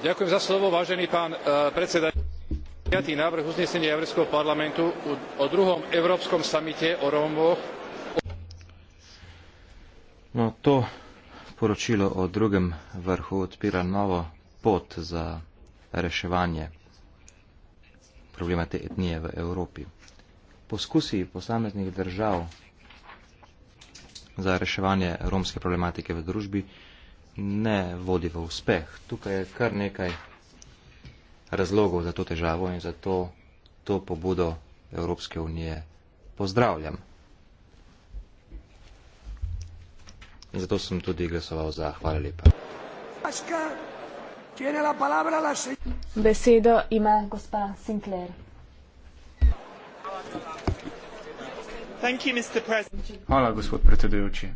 Eh, prijatý návrh uznesenia európskeho parlamentu o druhom európskom samite o rómoch No, to poročilo o drugem vrhu odpira novo pot za reševanje problema te etnije v Evropi. Poskusi posameznih držav za reševanje romske problematike v družbi ne vodi v uspeh. Tukaj je kar nekaj razlogov za to težavo in za to, to pobudo Evropske unije pozdravljam. In zato sem tudi glasoval za. Hvala lepa. Besedo ima gospa Sinclair. Hvala, gospod predsedujoči.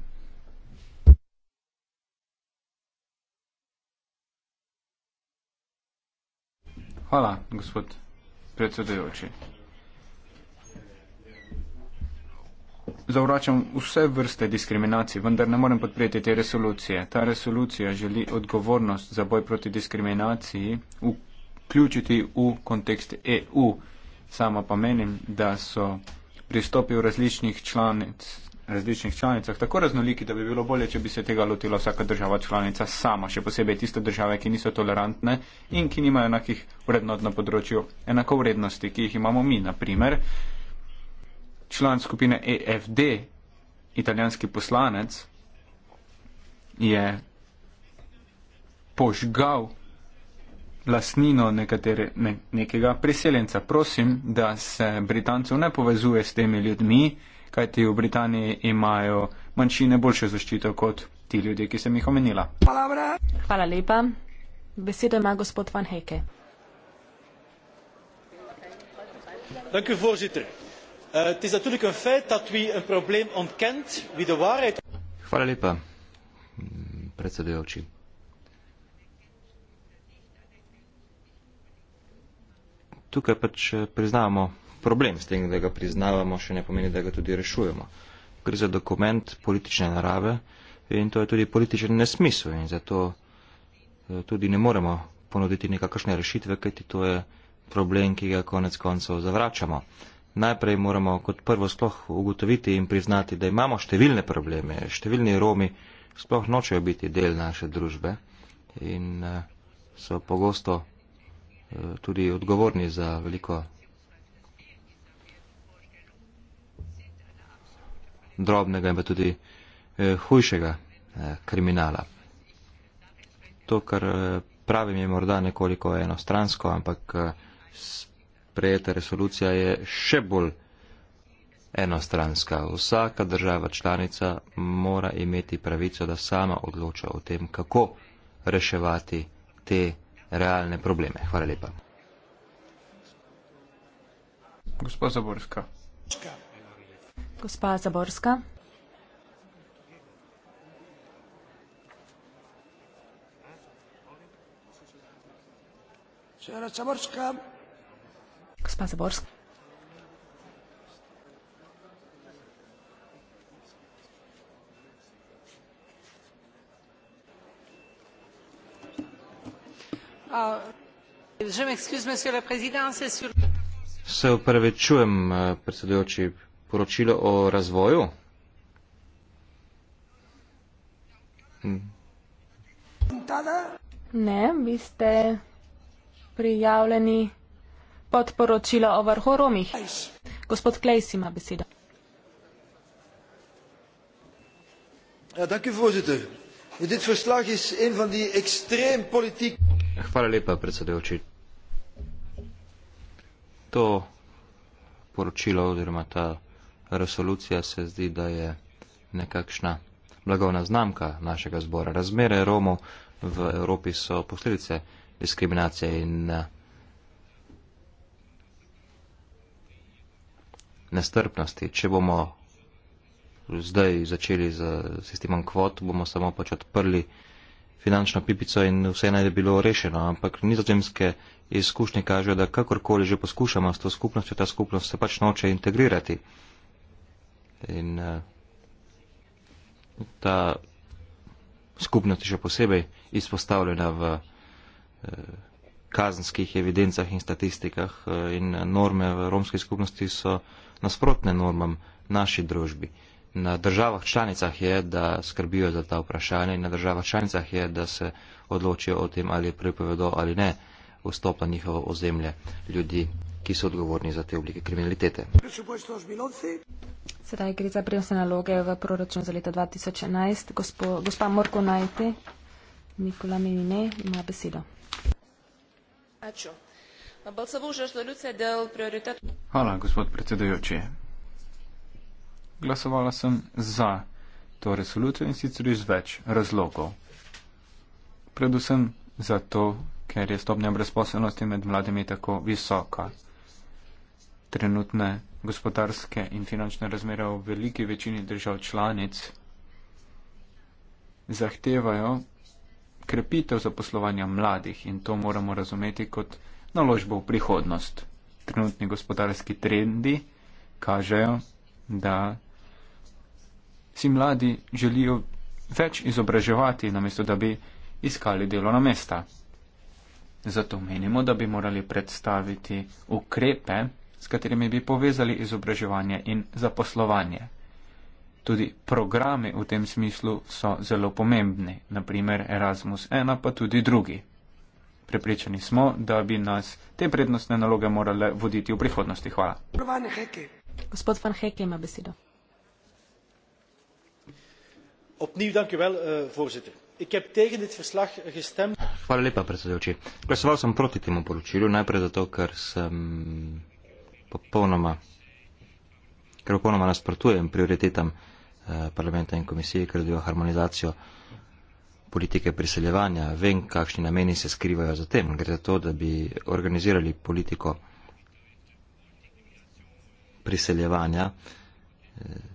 Hvala, gospod predsedujoči. Zavračam vse vrste diskriminacij, vendar ne morem podpreti te resolucije. Ta resolucija želi odgovornost za boj proti diskriminaciji vključiti v kontekst EU. Sama pa menim, da so pristopi v različnih članic različnih članicah tako raznoliki, da bi bilo bolje, če bi se tega lotila vsaka država članica sama, še posebej tiste države, ki niso tolerantne in ki nimajo enakih vrednot na področju enakovrednosti, ki jih imamo mi. Naprimer, član skupine EFD, italijanski poslanec, je požgal lasnino nekatere, ne, nekega priseljenca. Prosim, da se Britancev ne povezuje s temi ljudmi, kajti v Britaniji imajo manjšine boljšo zaščito kot ti ljudje, ki sem jih omenila. Hvala lepa. Besedo ima gospod Van Heke. Dank u voorzitter. Uh, het is natuurlijk een feit dat wie een probleem ontkent, wie de waarheid. Hvala lepa, predsedujoči. Tukaj pač eh, priznamo problem, s tem, da ga priznavamo, še ne pomeni, da ga tudi rešujemo. Gre za dokument politične narave in to je tudi političen nesmisel in zato eh, tudi ne moremo ponuditi nekakšne rešitve, kajti to je problem, ki ga konec koncev zavračamo. Najprej moramo kot prvo sploh ugotoviti in priznati, da imamo številne probleme. Številni Romi sploh nočejo biti del naše družbe in eh, so pogosto eh, tudi odgovorni za veliko drobnega in pa tudi eh, hujšega eh, kriminala. To, kar eh, pravim, je morda nekoliko enostransko, ampak eh, sprejeta resolucija je še bolj enostranska. Vsaka država članica mora imeti pravico, da sama odloča o tem, kako reševati te realne probleme. Hvala lepa. Gospod Zaborska. Gospa Zaborska. Gospa Zaborska. Gospa Zaborska. Se upravičujem, eh, predsedujoči, poročilo o razvoju? Hm. Ne, vi ste prijavljeni pod poročilo o vrhoromih. Gospod Klejs ima besedo. Ja, dank u voorzitter. In dit verslag is een van die extreem politiek... Hvala lepa, predsedujoči. To poročilo oziroma ta resolucija se zdi, da je nekakšna blagovna znamka našega zbora. Razmere Romo v Evropi so posledice diskriminacije in eh, nestrpnosti. Če bomo zdaj začeli z sistemom kvot, bomo samo pač odprli finančno pipico in vse naj bi bilo rešeno, ampak nizozemske izkušnje kažejo, da kakorkoli že poskušamo s to skupnostjo, ta skupnost se pač noče integrirati in uh, ta skupnost je še posebej izpostavljena v uh, kazenskih evidencah in statistikah uh, in norme v romski skupnosti so nasprotne normam naši družbi. Na državah članicah je, da skrbijo za ta vprašanja in na državah članicah je, da se odločijo o tem, ali pripovedo ali ne vstop na njihovo ozemlje ljudi, ki so odgovorni za te oblike kriminalitete. Sedaj gre za prenosne naloge v proračun za leto 2011. Gospo, gospa Morko Najte, Nikola Menine, ima besedo. Hvala, gospod predsedujoči. Glasovala sem za to resolucijo in sicer iz več razlogov. Predvsem zato, ker je stopnja brezposobnosti med mladimi tako visoka. Trenutne gospodarske in finančne razmere v veliki večini držav članic zahtevajo krepitev zaposlovanja mladih in to moramo razumeti kot naložbo v prihodnost. Trenutni gospodarski trendi kažejo, da si mladi želijo več izobraževati, namesto da bi iskali delo na mesta. Zato menimo, da bi morali predstaviti ukrepe, s katerimi bi povezali izobraževanje in zaposlovanje. Tudi programe v tem smislu so zelo pomembni, naprimer Erasmus 1, pa tudi drugi. Prepričani smo, da bi nas te prednostne naloge morale voditi v prihodnosti. Hvala. Gospod Van Heke ima besedo. Opnijo, dankjewel, eh, Hvala lepa, predsedujoči. Glasoval sem proti temu poročilu, najprej zato, ker sem popolnoma, ker popolnoma nasprotujem prioritetam eh, parlamenta in komisije, ker delijo harmonizacijo politike priseljevanja. Vem, kakšni nameni se skrivajo za tem. Gre za to, da bi organizirali politiko priseljevanja eh,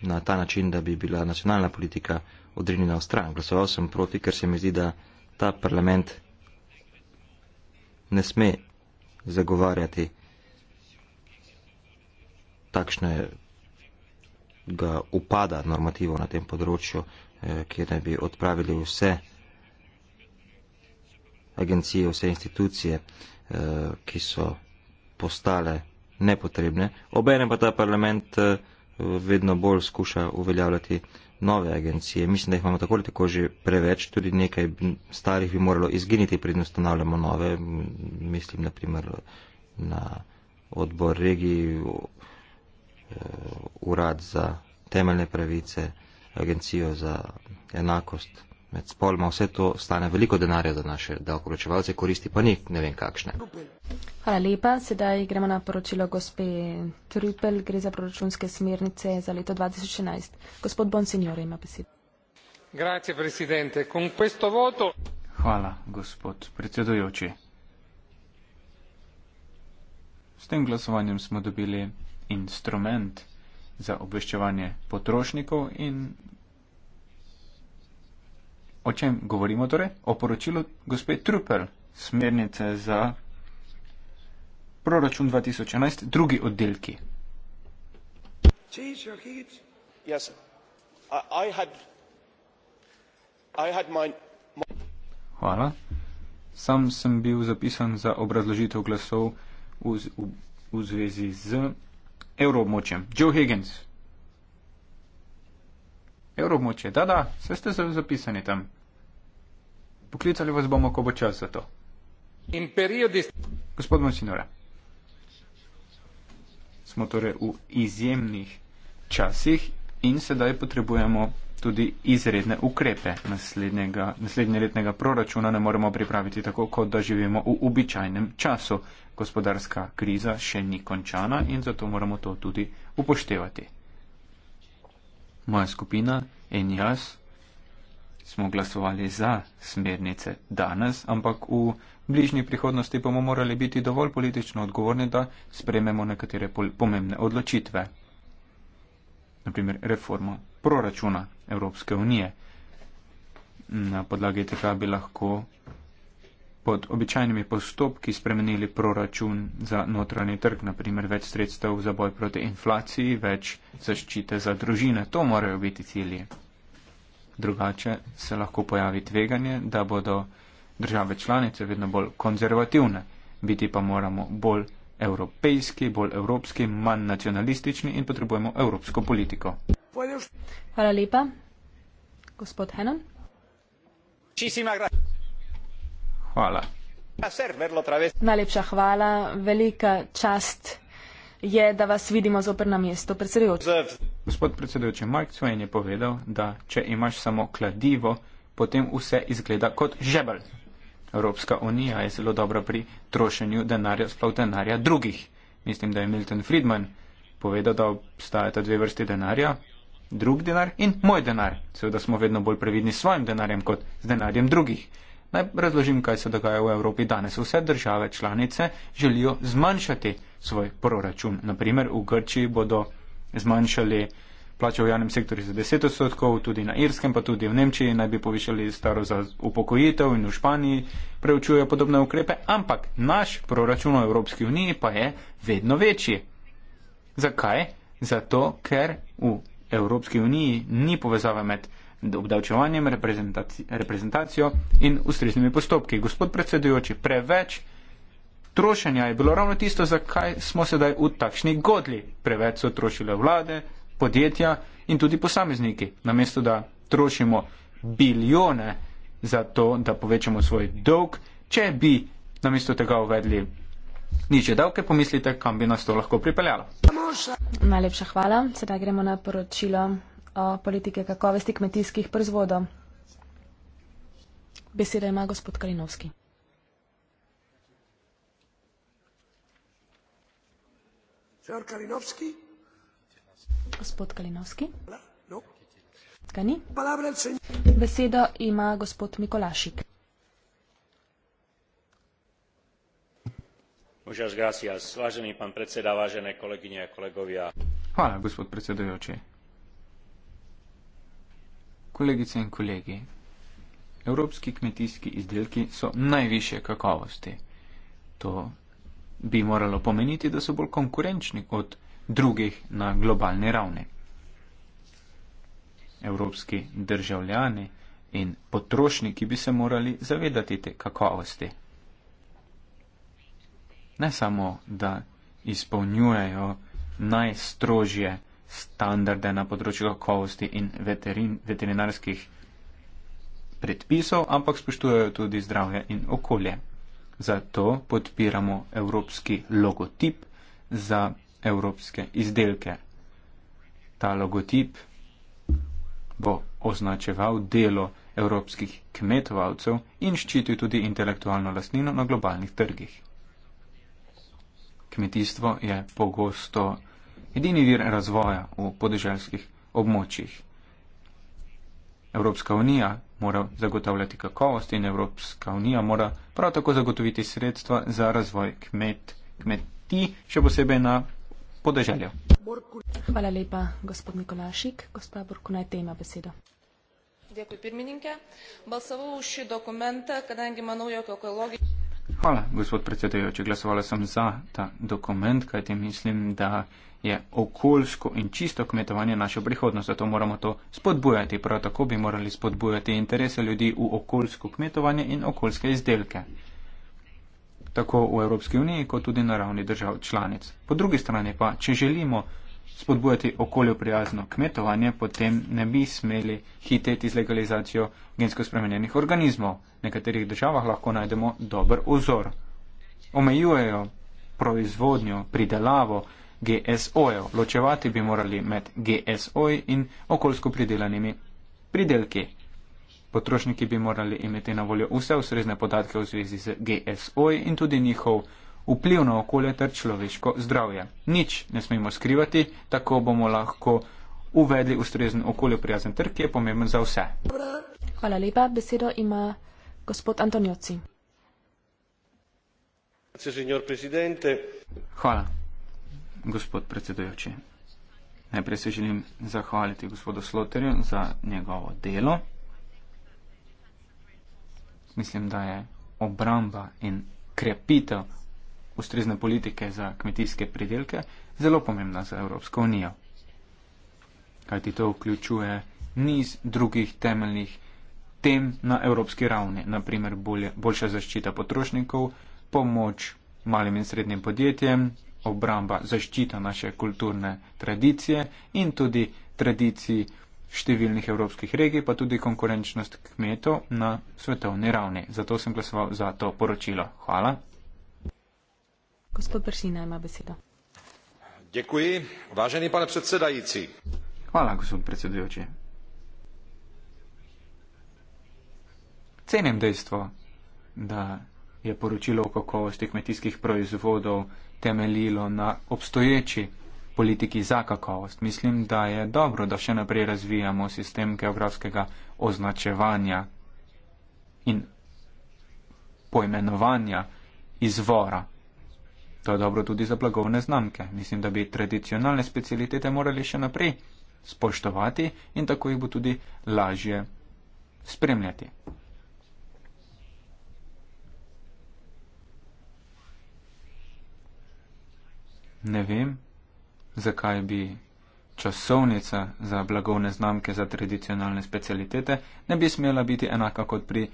na ta način, da bi bila nacionalna politika odrinjena v stran. Glasoval sem proti, ker se mi zdi, da ta parlament ne sme zagovarjati takšne ga upada normativo na tem področju, eh, kjer naj bi odpravili vse agencije, vse institucije, eh, ki so postale nepotrebne. Obenem pa ta parlament eh, vedno bolj skuša uveljavljati nove agencije. Mislim, da jih imamo tako ali tako že preveč, tudi nekaj starih bi moralo izginiti, predno ustanavljamo nove. Mislim, na primer, na odbor regij, Eh, urad za temeljne pravice, agencijo za enakost med spolma. Vse to stane veliko denarja za naše davkoplačevalce, koristi pa ni ne vem kakšne. Hvala lepa. Sedaj gremo na poročilo gospe Trupel. Gre za proračunske smernice za leto 2011. Gospod Bonsignore ima besedo. Grazie, presidente. Con questo voto... Hvala, gospod predsedujoči. S tem glasovanjem smo dobili instrument za obveščevanje potrošnikov in o čem govorimo torej? O poročilu gospe Trupel, smernice za proračun 2011, drugi oddelki. Yes, I, I had, I had my, my... Hvala. Sam sem bil zapisan za obrazložitev glasov v, v, v zvezi z evroobmočjem. Joe Higgins. Evroobmočje, da, da, vse ste zapisani tam. Poklicali vas bomo, ko bo čas za to. In periodi. Gospod Monsignore, smo torej v izjemnih časih in sedaj potrebujemo tudi izredne ukrepe. Naslednjega letnega proračuna ne moremo pripraviti tako, kot da živimo v običajnem času gospodarska kriza še ni končana in zato moramo to tudi upoštevati. Moja skupina in jaz smo glasovali za smernice danes, ampak v bližnji prihodnosti bomo morali biti dovolj politično odgovorni, da sprememo nekatere pomembne odločitve. Naprimer, reforma proračuna Evropske unije. Na podlagi tega bi lahko pod običajnimi postopki spremenili proračun za notranji trg, naprimer več sredstev za boj proti inflaciji, več zaščite za družine. To morajo biti cilji. Drugače se lahko pojavi tveganje, da bodo države članice vedno bolj konzervativne. Biti pa moramo bolj evropejski, bolj evropski, manj nacionalistični in potrebujemo evropsko politiko. Hvala lepa. Gospod Henon. Hvala. Najlepša hvala, velika čast je, da vas vidimo zopr na mesto predsedujoča. Gospod predsedujoči, Mark Twain je povedal, da če imaš samo kladivo, potem vse izgleda kot žebelj. Evropska unija je zelo dobra pri trošenju denarja, sploh denarja drugih. Mislim, da je Milton Friedman povedal, da obstajata dve vrsti denarja, drug denar in moj denar. Seveda smo vedno bolj previdni s svojim denarjem kot z denarjem drugih. Naj razložim, kaj se dogaja v Evropi danes. Vse države članice želijo zmanjšati svoj proračun. Naprimer v Grčiji bodo zmanjšali plače v javnem sektorju za 10 odstotkov, tudi na Irskem, pa tudi v Nemčiji naj bi povišali staro za upokojitev in v Španiji preučujejo podobne ukrepe, ampak naš proračun v Evropski uniji pa je vedno večji. Zakaj? Zato, ker v Evropski uniji ni povezave med obdavčevanjem, reprezentacijo in ustreznimi postopki. Gospod predsedujoči, preveč trošenja je bilo ravno tisto, zakaj smo sedaj v takšni godli. Preveč so trošile vlade, podjetja in tudi posamezniki. Namesto da trošimo biljone za to, da povečamo svoj dolg, če bi namesto tega uvedli. Niče davke, pomislite, kam bi nas to lahko pripeljalo. Najlepša hvala. Sedaj gremo na poročilo politike kakovosti kmetijskih proizvodov. Beseda ima gospod Kalinovski. Gospod Kalinovski. Gospod Kalinovski. ¿no? Ga ni. Besedo ima gospod Mikolašik. Gracias, pan predseda, kolegovia. Hvala, gospod predsedujoči. Kolegice in kolegi, evropski kmetijski izdelki so najviše kakovosti. To bi moralo pomeniti, da so bolj konkurenčni od drugih na globalni ravni. Evropski državljani in potrošniki bi se morali zavedati te kakovosti. Ne samo, da izpolnjujejo najstrožje standarde na področju kakovosti in veterin, veterinarskih predpisov, ampak spoštujejo tudi zdravje in okolje. Zato podpiramo evropski logotip za evropske izdelke. Ta logotip bo označeval delo evropskih kmetovalcev in ščitil tudi intelektualno lastnino na globalnih trgih. Kmetijstvo je pogosto edini vir razvoja v podeželskih območjih. Evropska unija mora zagotavljati kakovost in Evropska unija mora prav tako zagotoviti sredstva za razvoj kmet, kmeti, še posebej na podeželju. Hvala lepa, gospod Nikolašik. Gospa Borko, naj te ima besedo. Hvala, gospod predsedujoči. Glasovala sem za ta dokument, kajte mislim, da je okoljsko in čisto kmetovanje naša prihodnost, zato moramo to spodbujati. Prav tako bi morali spodbujati interese ljudi v okoljsko kmetovanje in okoljske izdelke. Tako v Evropski uniji, kot tudi na ravni držav članic. Po drugi strani pa, če želimo spodbujati okolju prijazno kmetovanje, potem ne bi smeli hiteti z legalizacijo gensko spremenjenih organizmov. V nekaterih državah lahko najdemo dober ozor. Omejujejo proizvodnjo, pridelavo GSO-jev. Ločevati bi morali med GSO-ji in okoljsko pridelanimi pridelki. Potrošniki bi morali imeti na voljo vse ustrezne podatke v zvezi z GSO-ji in tudi njihov vpliv na okolje ter človeško zdravje. Nič ne smemo skrivati, tako bomo lahko uvedli ustrezen okolje prijazen trg, ki je pomemben za vse. Hvala lepa. Besedo ima gospod Antonioci. Hvala gospod predsedujoči. Najprej se želim zahvaliti gospodu Sloterju za njegovo delo. Mislim, da je obramba in krepitev ustrezne politike za kmetijske pridelke zelo pomembna za Evropsko unijo. Kajti to vključuje niz drugih temeljnih tem na evropski ravni, naprimer boljša zaščita potrošnikov, pomoč malim in srednjim podjetjem, obramba, zaščita naše kulturne tradicije in tudi tradiciji številnih evropskih regij, pa tudi konkurenčnost kmetov na svetovni ravni. Zato sem glasoval za to poročilo. Hvala. Gospod Pršina ima besedo. Děkuji, vážený pane předsedající. Hvala, gospod predsedujoči. Cenim dejstvo, da je poročilo o kakovosti kmetijskih proizvodov temeljilo na obstoječi politiki za kakovost. Mislim, da je dobro, da še naprej razvijamo sistem geografskega označevanja in poimenovanja izvora. To je dobro tudi za blagovne znamke. Mislim, da bi tradicionalne specialitete morali še naprej spoštovati in tako jih bo tudi lažje spremljati. Ne vem, zakaj bi časovnica za blagovne znamke za tradicionalne specialitete ne bi smela biti enaka kot pri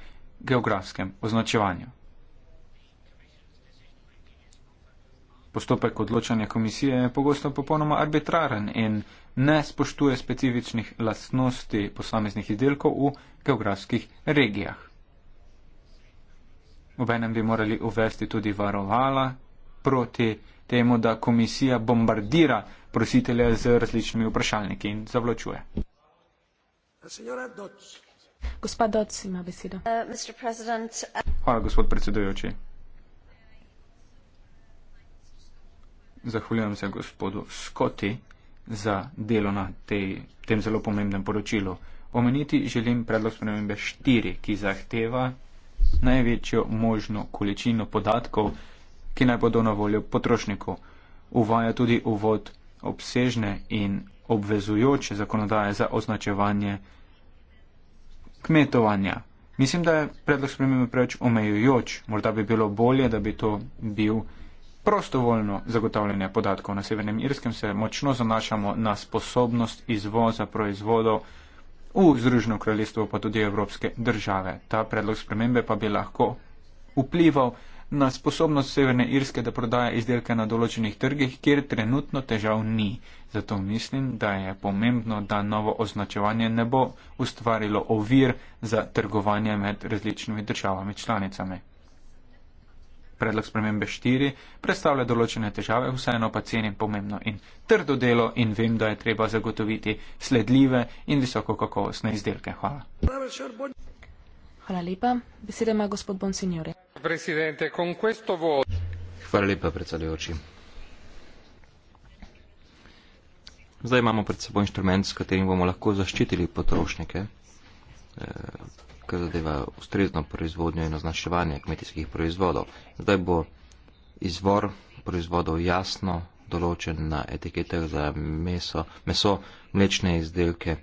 geografskem označevanju. Postopek odločanja komisije je pogosto popolnoma arbitraren in ne spoštuje specifičnih lastnosti posameznih izdelkov v geografskih regijah. Obenem bi morali uvesti tudi varovala proti temu, da komisija bombardira prositelja z različnimi vprašalniki in zavlačuje. Gospod Doc ima besedo. Uh, uh, Hvala, gospod predsedujoči. Zahvaljujem se gospodu Scotti za delo na tej, tem zelo pomembnem poročilu. Omeniti želim predlog spremembe 4, ki zahteva največjo možno količino podatkov ki naj bodo na voljo potrošniku. Uvaja tudi uvod obsežne in obvezujoče zakonodaje za označevanje kmetovanja. Mislim, da je predlog spremembe preveč omejujoč. Morda bi bilo bolje, da bi to bil prostovoljno zagotavljanje podatkov. Na Severnem Irskem se močno zanašamo na sposobnost izvoza proizvodov v Združeno kraljestvo, pa tudi Evropske države. Ta predlog spremembe pa bi lahko vplival na sposobnost Severne Irske, da prodaja izdelke na določenih trgih, kjer trenutno težav ni. Zato mislim, da je pomembno, da novo označevanje ne bo ustvarilo ovir za trgovanje med različnimi državami članicami. Predlog spremembe 4 predstavlja določene težave, vseeno pa cenim pomembno in trdo delo in vem, da je treba zagotoviti sledljive in visokokakovostne izdelke. Hvala. Hvala lepa. Besede ima gospod Bonsignore. Hvala lepa, predsedujoči. Zdaj imamo pred seboj inštrument, s katerim bomo lahko zaščitili potrošnike, eh, kar zadeva ustrezno proizvodnjo in označevanje kmetijskih proizvodov. Zdaj bo izvor proizvodov jasno določen na etiketah za meso, meso mlečne izdelke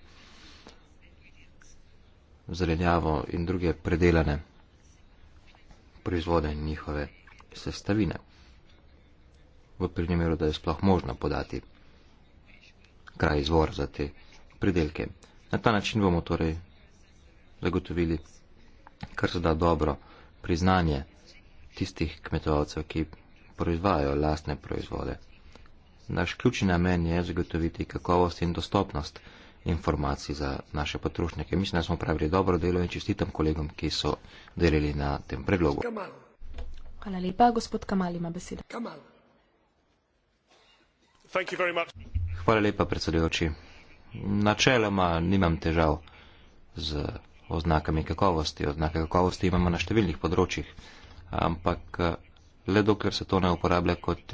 zelenjavo in druge predelane proizvode in njihove sestavine, v primeru, da je sploh možno podati kraj izvor za te predelke. Na ta način bomo torej zagotovili kar se da dobro priznanje tistih kmetovcev, ki proizvajajo lastne proizvode. Naš ključni namen je zagotoviti kakovost in dostopnost proizvode informacij za naše potrošnike. Mislim, da smo pravili dobro delo in čestitam kolegom, ki so delili na tem predlogu. Hvala lepa, gospod Kamal ima besedo. Hvala lepa, predsedujoči. Načeloma nimam težav z oznakami kakovosti. Oznake kakovosti imamo na številnih področjih, ampak le dokler se to ne uporablja kot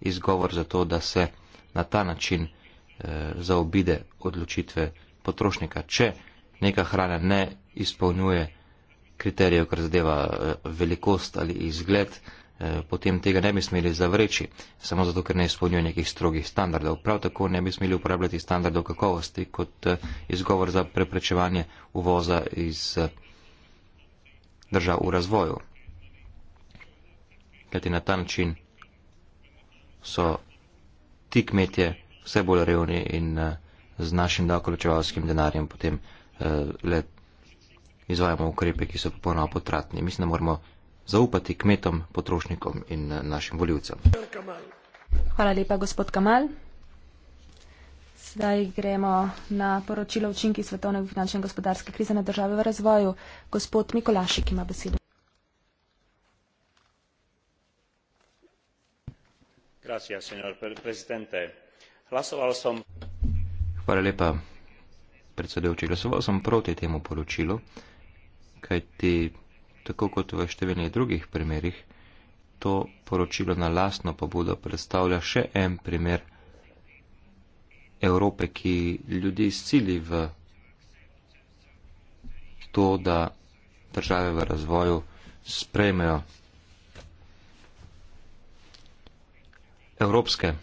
izgovor za to, da se na ta način Eh, zaobide odločitve potrošnika. Če neka hrana ne izpolnjuje kriterijev, kar zadeva eh, velikost ali izgled, eh, potem tega ne bi smeli zavreči, samo zato, ker ne izpolnjuje nekih strogih standardov. Prav tako ne bi smeli uporabljati standardov kakovosti kot izgovor za preprečevanje uvoza iz držav v razvoju. Kajti na ta način so ti kmetje, vse bolj revni in eh, z našim davkoločevalskim denarjem potem eh, le izvajamo ukrepe, ki so popolnoma potratni. Mislim, da moramo zaupati kmetom, potrošnikom in eh, našim voljivcem. Hvala lepa, gospod Kamal. Zdaj gremo na poročilo učinki svetovne finančne in gospodarske krize na države v razvoju. Gospod Mikolašik ima besedo. Gracias, señor presidente. Hlasoval som. Hvala lepa, predsedujoči. Glasoval sem proti temu poročilu, kajti tako kot v številnih drugih primerih, to poročilo na lastno pobudo predstavlja še en primer Evrope, ki ljudi sili v to, da države v razvoju sprejmejo evropske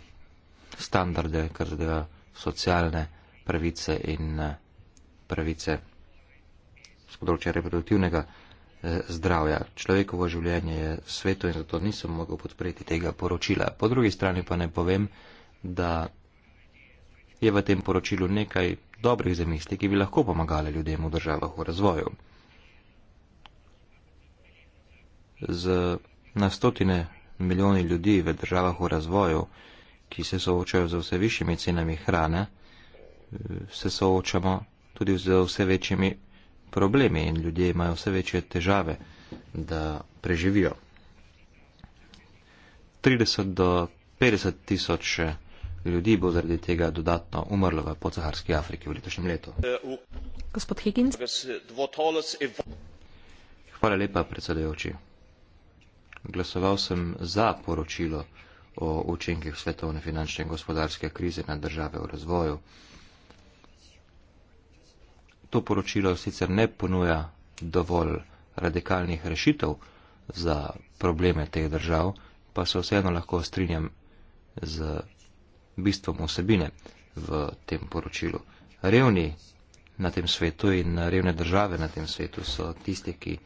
standarde, kar zadeva socialne pravice in eh, pravice z področja reproduktivnega eh, zdravja. Človekovo življenje je sveto in zato nisem mogel podpreti tega poročila. Po drugi strani pa ne povem, da je v tem poročilu nekaj dobrih zamisli, ki bi lahko pomagali ljudem v državah v razvoju. Z na stotine milijoni ljudi v državah v razvoju ki se soočajo z vse višjimi cenami hrane, se soočamo tudi z vse večjimi problemi in ljudje imajo vse večje težave, da preživijo. 30 do 50 tisoč ljudi bo zaradi tega dodatno umrlo v podsaharski Afriki v letošnjem letu. Gospod Higgins. Hvala lepa, predsedajoči. Glasoval sem za poročilo o učinkih svetovne finančne gospodarske krize na države v razvoju. To poročilo sicer ne ponuja dovolj radikalnih rešitev za probleme teh držav, pa se vseeno lahko strinjam z bistvom osebine v tem poročilu. Revni na tem svetu in revne države na tem svetu so tiste, ki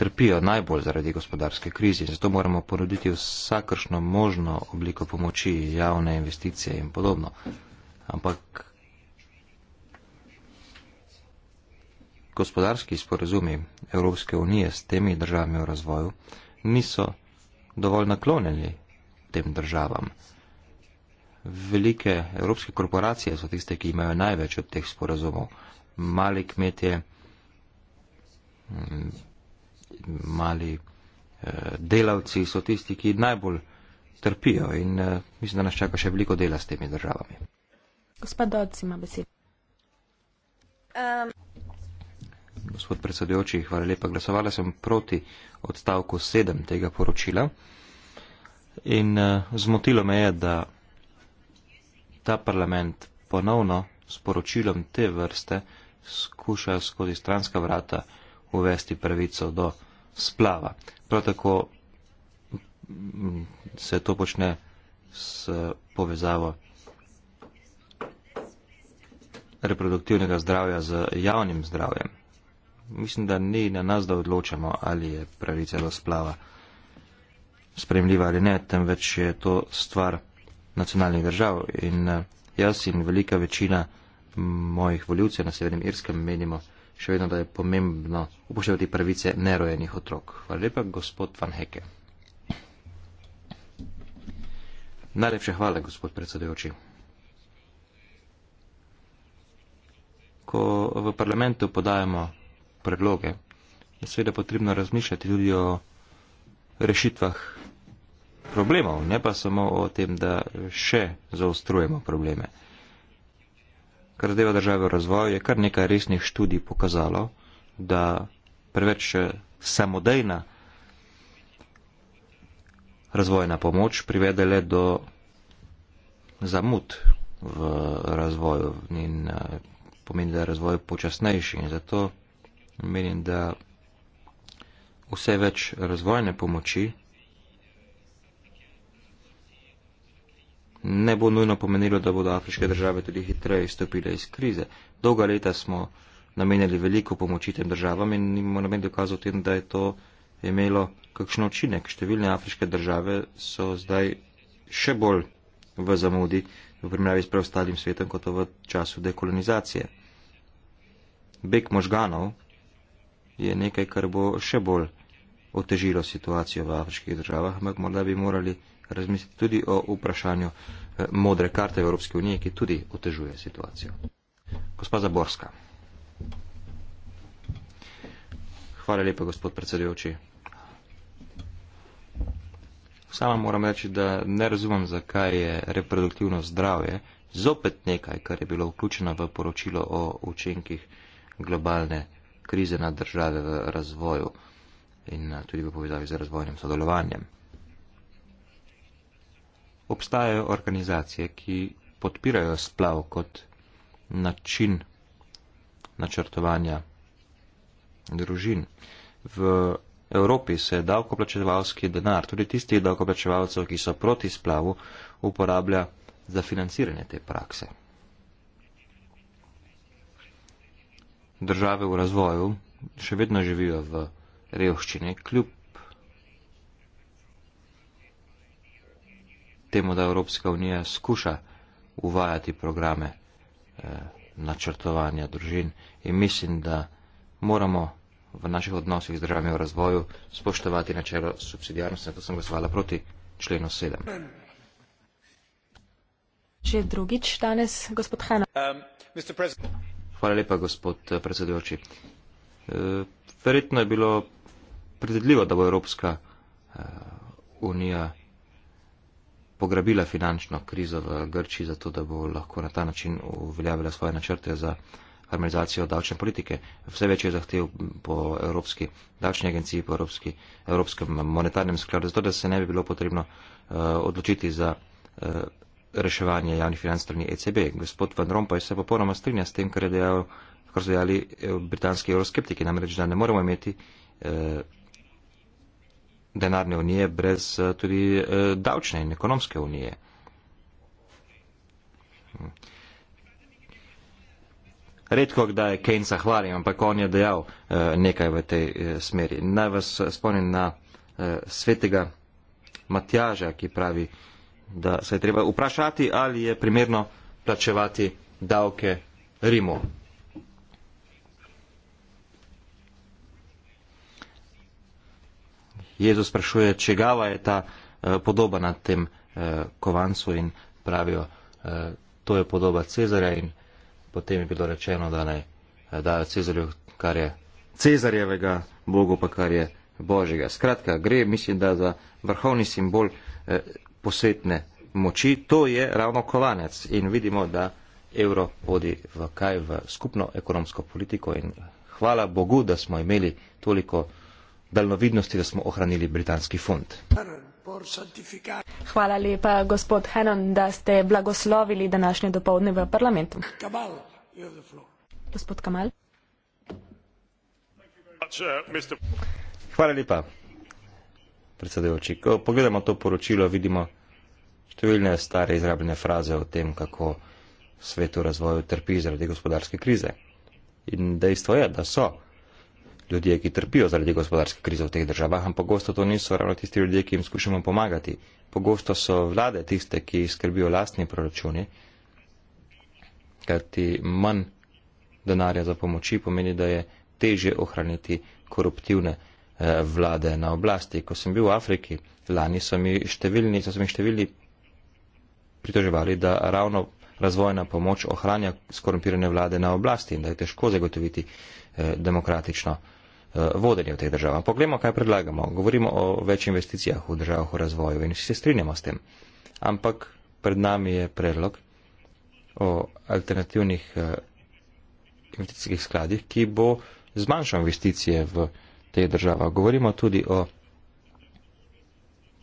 trpijo najbolj zaradi gospodarske krize. Zato moramo ponuditi vsakršno možno obliko pomoči, javne investicije in podobno. Ampak gospodarski sporozumi Evropske unije s temi državami v razvoju niso dovolj naklonjeni tem državam. Velike evropske korporacije so tiste, ki imajo največ od teh sporozumov. Mali kmetje, mali eh, delavci so tisti, ki najbolj trpijo in eh, mislim, da nas čaka še veliko dela s temi državami. Gospod Dodc ima besedo. Um. Gospod predsedujoči, hvala lepa. Glasovala sem proti odstavku 7 tega poročila in eh, zmotilo me je, da ta parlament ponovno s poročilom te vrste skuša skozi stranska vrata uvesti pravico do splava. Prav tako mm, se to počne s povezavo reproduktivnega zdravja z javnim zdravjem. Mislim, da ni na nas, da odločamo, ali je pravica do splava spremljiva ali ne, temveč je to stvar nacionalnih držav in eh, jaz in velika večina mm, mojih voljivcev na Severnem Irskem menimo, še vedno, da je pomembno upoštevati pravice nerojenih otrok. Hvala lepa, gospod Van Heke. Najlepše hvala, gospod predsedujoči. Ko v parlamentu podajamo predloge, je seveda potrebno razmišljati tudi o rešitvah problemov, ne pa samo o tem, da še zaostrujemo probleme kar zadeva države v razvoju, je kar nekaj resnih študij pokazalo, da preveč samodejna razvojna pomoč privede le do zamud v razvoju in eh, pomeni, da je razvoj počasnejši. In zato menim, da vse več razvojne pomoči ne bo nujno pomenilo, da bodo afriške države tudi hitreje izstopile iz krize. Dolga leta smo namenjali veliko pomoči tem državam in imamo namen dokazov tem, da je to imelo kakšno učinek. Številne afriške države so zdaj še bolj v zamudi v primerjavi s preostalim svetom kot v času dekolonizacije. Bek možganov je nekaj, kar bo še bolj otežilo situacijo v afriških državah, ampak morda bi morali razmisliti tudi o vprašanju eh, modre karte Evropske unije, ki tudi otežuje situacijo. Gospa Zaborska. Hvala lepa, gospod predsedujoči. Sama moram reči, da ne razumem, zakaj je reproduktivno zdravje zopet nekaj, kar je bilo vključeno v poročilo o učinkih globalne krize na države v razvoju in eh, tudi v povezavi z razvojnim sodelovanjem obstajajo organizacije, ki podpirajo splav kot način načrtovanja družin. V Evropi se davkoplačevalski denar, tudi tistih davkoplačevalcev, ki so proti splavu, uporablja za financiranje te prakse. Države v razvoju še vedno živijo v revščini, kljub temu, da Evropska unija skuša uvajati programe eh, načrtovanja družin in mislim, da moramo v naših odnosih z državami v razvoju spoštovati načelo subsidijarnosti, zato sem glasovala proti členu 7. Že drugič danes, gospod Hanna. Um, Hvala lepa, gospod eh, predsedujoči. E, verjetno je bilo predvidljivo, da bo Evropska e, unija pograbila finančno krizo v Grči, zato da bo lahko na ta način uveljavila svoje načrte za harmonizacijo davčne politike. Vse več je zahtev po Evropski davčni agenciji, po Evropski, Evropskem monetarnem skladu, zato da se ne bi bilo potrebno uh, odločiti za uh, reševanje javnih financ strani ECB. Gospod Van Rompuy se popolnoma strinja s tem, kar, je dejal, kar so dejali eh, britanski euroskeptiki, namreč da ne moremo imeti uh, denarne unije brez eh, tudi eh, davčne in ekonomske unije. Redko, da je Keynes zahvalil, ampak on je dejal eh, nekaj v tej smeri. Naj vas spomnim na svetega Matjaža, ki pravi, da se je treba vprašati, ali je primerno plačevati davke Rimu. Jezus sprašuje, čigava je ta eh, podoba na tem eh, kovancu in pravijo, eh, to je podoba Cezarja in potem je bilo rečeno, da naj dajo Cezarju, kar je Cezarjevega, Bogu pa kar je Božjega. Skratka, gre, mislim, da za vrhovni simbol posvetne moči, to je ravno kovanec in vidimo, da evro vodi v kaj, v skupno ekonomsko politiko in hvala Bogu, da smo imeli toliko daljnovidnosti, da smo ohranili britanski fund. Hvala lepa, gospod Henon, da ste blagoslovili današnje dopoledne v parlamentu. Gospod Kamal. Hvala lepa, predsedujoči. Ko pogledamo to poročilo, vidimo številne stare izrabljene fraze o tem, kako svet v razvoju trpi zaradi gospodarske krize. In dejstvo je, da so Ljudje, ki trpijo zaradi gospodarske krize v teh državah, ampak pogosto to niso ravno tisti ljudje, ki jim skušamo pomagati. Pogosto so vlade tiste, ki skrbijo lastni proračuni, kajti manj denarja za pomoči pomeni, da je teže ohraniti koruptivne eh, vlade na oblasti. Ko sem bil v Afriki, lani so mi številni, so mi številni pritoževali, da ravno razvojna pomoč ohranja skorumpirane vlade na oblasti in da je težko zagotoviti eh, demokratično. Eh, vodenju teh držav. Poglejmo, kaj predlagamo. Govorimo o več investicijah v državah v razvoju in vsi se strinjamo s tem. Ampak pred nami je predlog o alternativnih eh, investicijskih skladih, ki bo zmanjšal investicije v teh državah. Govorimo tudi o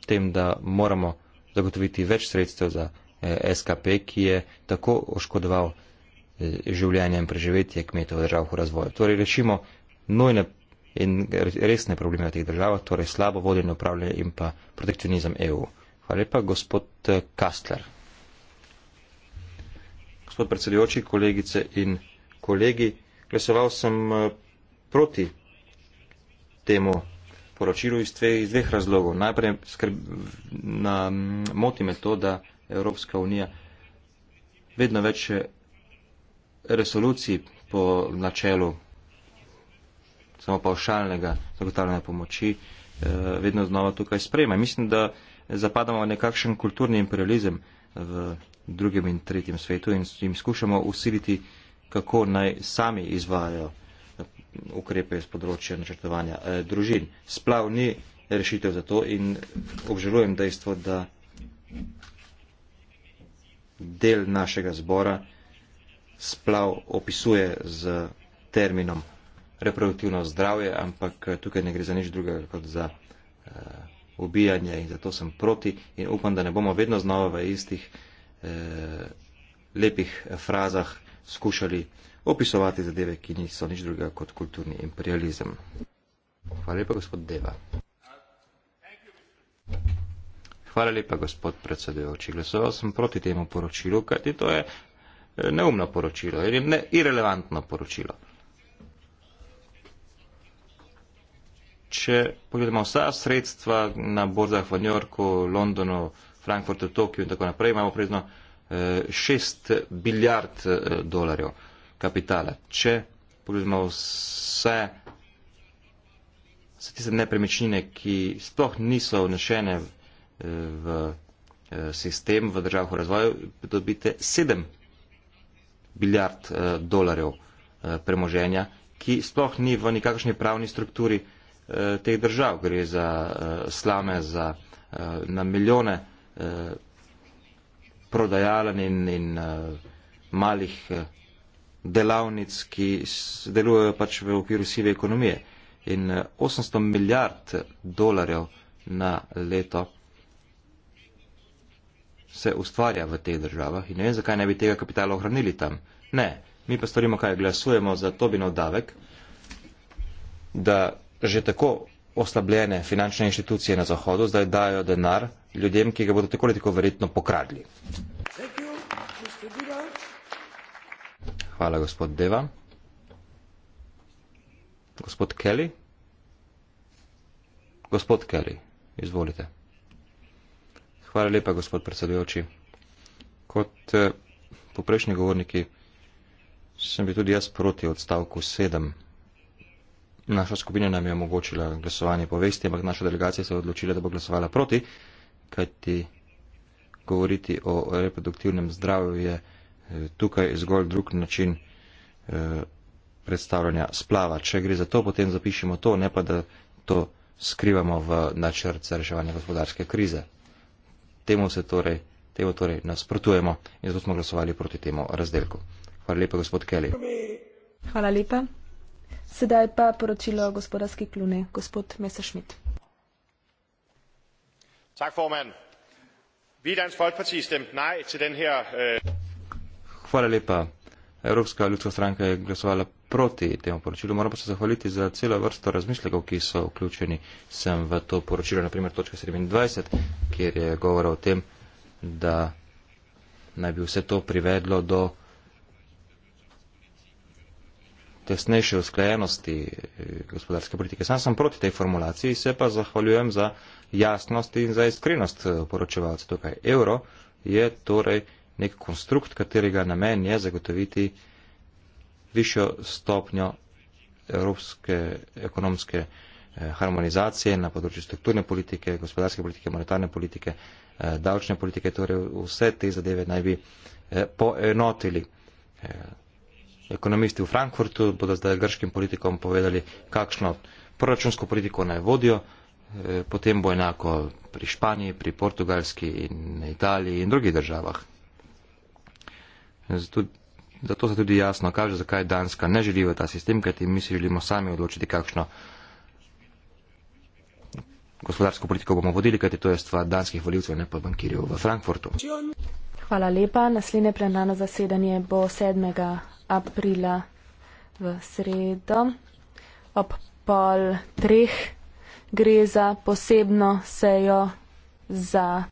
tem, da moramo zagotoviti več sredstev za eh, SKP, ki je tako oškodoval življenje in preživetje kmetov v državah v razvoju. Torej, rešimo nujne in resne probleme v teh državah, torej slabo vodenje upravljanje in pa protekcionizem EU. Hvala lepa, gospod eh, Kastler. Gospod predsedujoči, kolegice in kolegi, glasoval sem eh, proti temu poročilu iz, tve, iz dveh razlogov. Najprej skrb, na, moti me to, da Evropska unija vedno več eh, resoluciji po načelu samo pavšalnega zagotavljanja pomoči, eh, vedno znova tukaj sprejema. Mislim, da zapadamo v nekakšen kulturni imperializem v drugem in tretjem svetu in jim skušamo usiliti, kako naj sami izvajajo eh, ukrepe iz področja načrtovanja eh, družin. Splav ni rešitev za to in obžalujem dejstvo, da del našega zbora splav opisuje z terminom reproduktivno zdravje, ampak eh, tukaj ne gre za nič drugega kot za uh, ubijanje in zato sem proti in upam, da ne bomo vedno znova v istih uh, lepih frazah skušali opisovati zadeve, ki niso nič drugega kot kulturni imperializem. Hvala lepa, gospod Deva. Hvala lepa, gospod predsedujoči. Glasoval sem proti temu poročilu, kajti to je neumno poročilo, je ne irrelevantno poročilo. če pogledamo vsa sredstva na borzah v New Yorku, Londonu, Frankfurtu, Tokiju in tako naprej, imamo prezno 6 eh, biljard eh, dolarjev kapitala. Če pogledamo vse, vse tiste nepremičnine, ki sploh niso vnešene eh, v, v sistem v državah v razvoju, dobite 7 biljard dolarjev premoženja, ki sploh ni v nikakšni pravni strukturi Eh, teh držav. Gre za eh, slame, za eh, na milijone prodajalen in, in malih delavnic, ki delujejo pač v okviru sive ekonomije. In 800 milijard dolarjev na leto se ustvarja v teh državah in ne vem, zakaj ne bi tega kapitala ohranili tam. Ne, mi pa storimo, kaj glasujemo za Tobinov davek, da že tako oslabljene finančne inštitucije na Zahodu zdaj dajo denar ljudem, ki ga bodo tako ali tako verjetno pokradli. Hvala, gospod Deva. Gospod Kelly? Gospod Kelly, izvolite. Hvala lepa, gospod predsedujoči. Kot eh, poprejšnji govorniki sem bil tudi jaz proti odstavku 7 naša skupina nam je omogočila glasovanje po vesti, ampak naša delegacija se je odločila, da bo glasovala proti, kajti govoriti o reproduktivnem zdravju je eh, tukaj zgolj drug način eh, predstavljanja splava. Če gre za to, potem zapišemo to, ne pa da to skrivamo v načrt za reševanje gospodarske krize. Temu se torej, temu torej nasprotujemo in zato smo glasovali proti temu razdelku. Hvala lepa, gospod Kelly. Hvala lepa. Sedaj pa poročilo gospodarske klune, gospod Messerschmidt. Tak, Vi, Folkparti, nej, den her, uh... Hvala lepa. Evropska ljudska stranka je glasovala proti temu poročilu. Moram pa se zahvaliti za celo vrsto razmislekov, ki so vključeni sem v to poročilo, naprimer točka 27, kjer je govora o tem, da naj bi vse to privedlo do tesnejše usklajenosti eh, gospodarske politike. Sam sem proti tej formulaciji, se pa zahvaljujem za jasnost in za iskrenost eh, poročevalca tukaj. Euro je torej nek konstrukt, katerega namen je zagotoviti višjo stopnjo evropske ekonomske eh, harmonizacije na področju strukturne politike, gospodarske politike, monetarne politike, davčne politike, torej vse te zadeve naj bi poenotili ekonomisti v Frankfurtu bodo zdaj grškim politikom povedali, kakšno proračunsko politiko naj vodijo, e, potem bo enako pri Španiji, pri Portugalski in Italiji in drugih državah. Zato, zato se tudi jasno kaže, zakaj Danska ne želi v ta sistem, kajti mi si želimo sami odločiti, kakšno gospodarsko politiko bomo vodili, kajti to je stvar danskih voljivcev, ne pa bankirjev v Frankfurtu. Hvala lepa. Naslednje plenarno zasedanje bo 7 aprila v sredo ob pol treh gre za posebno sejo za